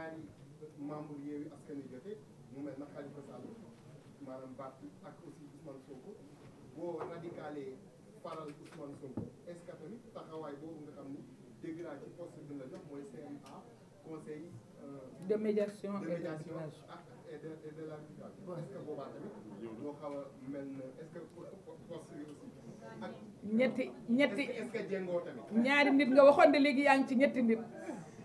ñaari membre Yewwi Askan Wi jote mu mel na Khalifa Sall maanaam Barth ak aussi Ousmane Sonko boo radicalé faral Ousmane Sonko est-ce que tamit taxawaay boobu nga xam ni dégg naa ci poste bi la jox mooy CMA conseil euh, de médiation et de l'arbitrage est-ce que boobaa tamit moo xaw a mel na est-ce que poste bi aussi ak ñetti ñetti est-ce que jéngoo tamit ñaari nit nga waxoon de léegi yaa ngi ci ñetti nit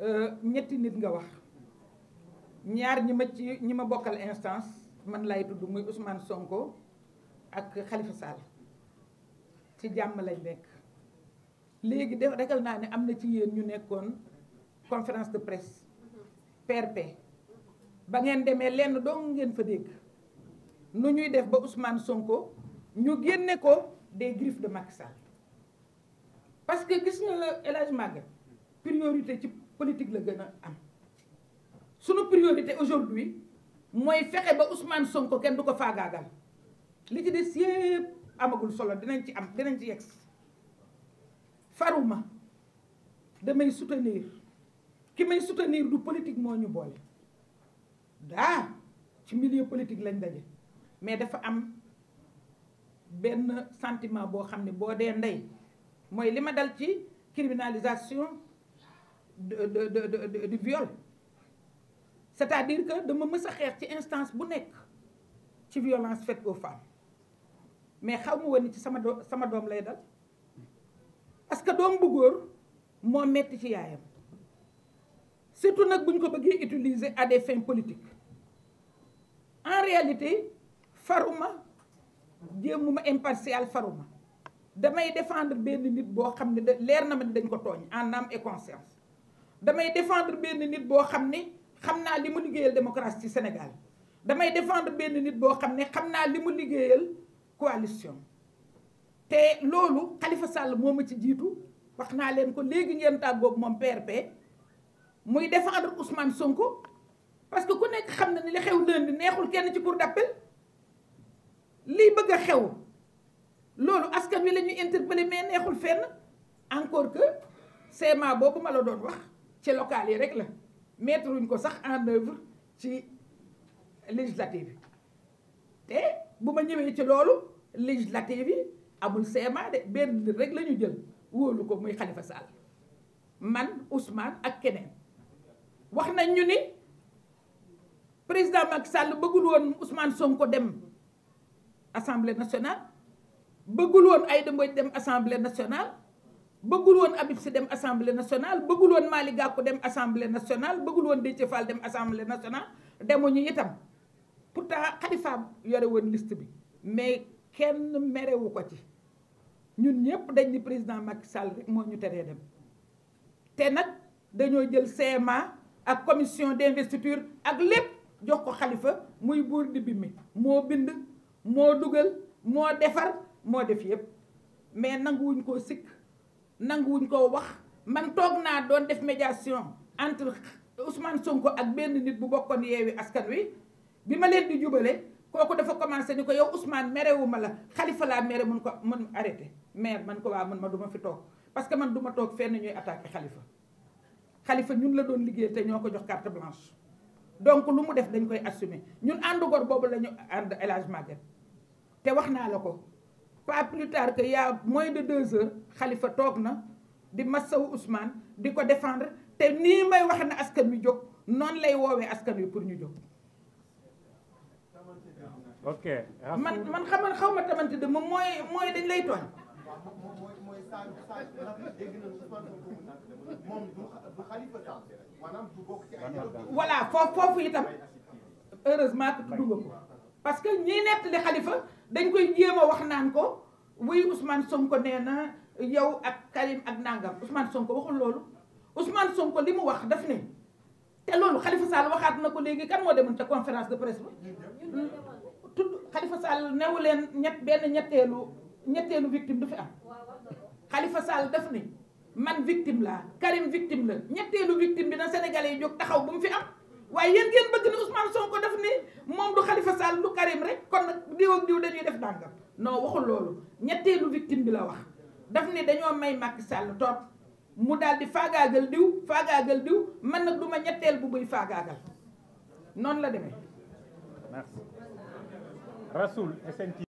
Euh, ñetti nit nga wax ñaar ñima ci ñima bokal instance man lay tudd muy Ousmane Sonko ak Khalifa Sall ci jamm lañ nek léegi def rekal na ni amna ci yeen ñu nekkon conférence de presse PRP ba ngeen démé lén dong ngeen fa dégg nu ñuy def ba Ousmane Sonko ñu génné ko des griffes de Macky Sall parce que gis nga la priorité ci politique la gën a am suñu priorité wi mooy fexe ba Ousmane ko kenn du ko faagaagal li ci des yëpp amagul solo dinañ ci am dinañ ci yegsi faruma damay soutenir ki may soutenir du politique moo ñu boole daa ci milieu politique lañ daje mais dafa am benn sentiment boo xam ne boo dee ndey mooy li ma dal ci criminalisation de de de de du viol c'est-à-dire que me me a xeex ci instance bu nekk ci violence faite aux femmes mais je ne sais pas ci sama doom sama parce que dom bu góor moo metti ci c'est surtout nag bu ñu ko utiliser à des fins politiques en réalité Farouma, faruma jéemuma impartial Farouma, damay défendre benn nit les xam ne leer na ma dañ ko en âme et conscience damay défendre benn nit boo xam ne xam naa li mu liggéeyal démocratie ci Sénégal damay défendre benn nit boo xam ne xam naa li mu liggéeyal coalition te loolu xalifa sàll moom ma ci jiitu wax naa leen ko léegi ngeen tàggoog moom PRP muy défendre Ousmane Sonko parce que ku nekk xam na ni li xew lundi neexul kenn ci pour d'appel lii bëgg a xew loolu askan wi lañuy ñuy interpellé neexul fenn encore que CMA boobu ma la doon wax ci locales yi rek la mettre une ko sax en œuvre ci législative té buma ñëwé ci loolu législative amul CMA de benn rek la ñu jël le ko muy Khalifa Sall man Ousmane ak keneen wax nañ ñu ni président Macky Sall bëggul woon Ousmane Sonko dem assemblée nationale bëggul woon ay dem assemblée nationale bëggul woon Habib Sy dem assemblée nationale bëggul woon Malick Gakou dem assemblée nationale bëggul woon Déthié Fall dem assemblée nationale demuñu itam pourtant Khalifa yore woon list bi mais kenn merewu ko ci ñun ñëpp dañ di président Macky Sall moo ñu teree dem te nag dañoo jël CMA ak commission d'investiture ak lépp jox ko xalifa muy buur di bimmi moo bind moo dugal moo defar moo def yëpp mais nanguwuñ ko sikk nanguwuñ koo wax man toog naa doon def médiation entre Ousmane Sonko ak benn nit bu bokkoon yeewi askan wi bi ma leen di jubale kooku dafa commencé ni ko yow Ousmane merewuma la xalifa laa mere mun ko mun arrêté maire man ko waa man ma duma fi toog parce que man duma toog fenn ñuy attaque xalifa xalifa ñun la doon liggéey te ñoo ko jox carte blanche donc lu mu def dañ koy assumer ñun ànd gor boobu la ñu ànd élage Hadj te wax naa la ko pas plus tard que y mooy moins de deux heures Khalifa toog na di massawu Ousmane di ko défendre te nii may wax na askan wi jóg noonu lay woowee askan wi pour ñu jóg. ok man man xamal xaw ma tamante de moom mooy mooy dañ lay tooñ. voilà foofu foofu itam heureusement que tudd nga ko parce que ñiy nettali Khalifa. dañ koy jéem a wax naan ko wuy Ousmane Sonko nee na yow ak Karim ak Nangam som ko waxul loolu Ousmane ko li mu wax daf ne te loolu Khalifa Sall waxaat na ko léegi kan moo demoon ca conférence de presse ba tudd Khalifa Sall newu leen ñett benn ñetteelu ñetteelu victime du fi am xalifa Sall daf ne man victime laa Karim victime la ñetteelu victime bi na Sénégalais yi jóg taxaw bu mu fi am waaye yéen ngeen bëgg ni Ousmane Sonko daf ne moom du Khalifa Sall lu Karim rek kon nag diw ak diw dañuy def dàngam noo waxul loolu ñetteelu victime bi la wax daf ni dañoo may Macky Sall toog mu daal di faagaagal diw faagaagal diw man nag du ma ñetteel bu buy faagaagal noonu la demee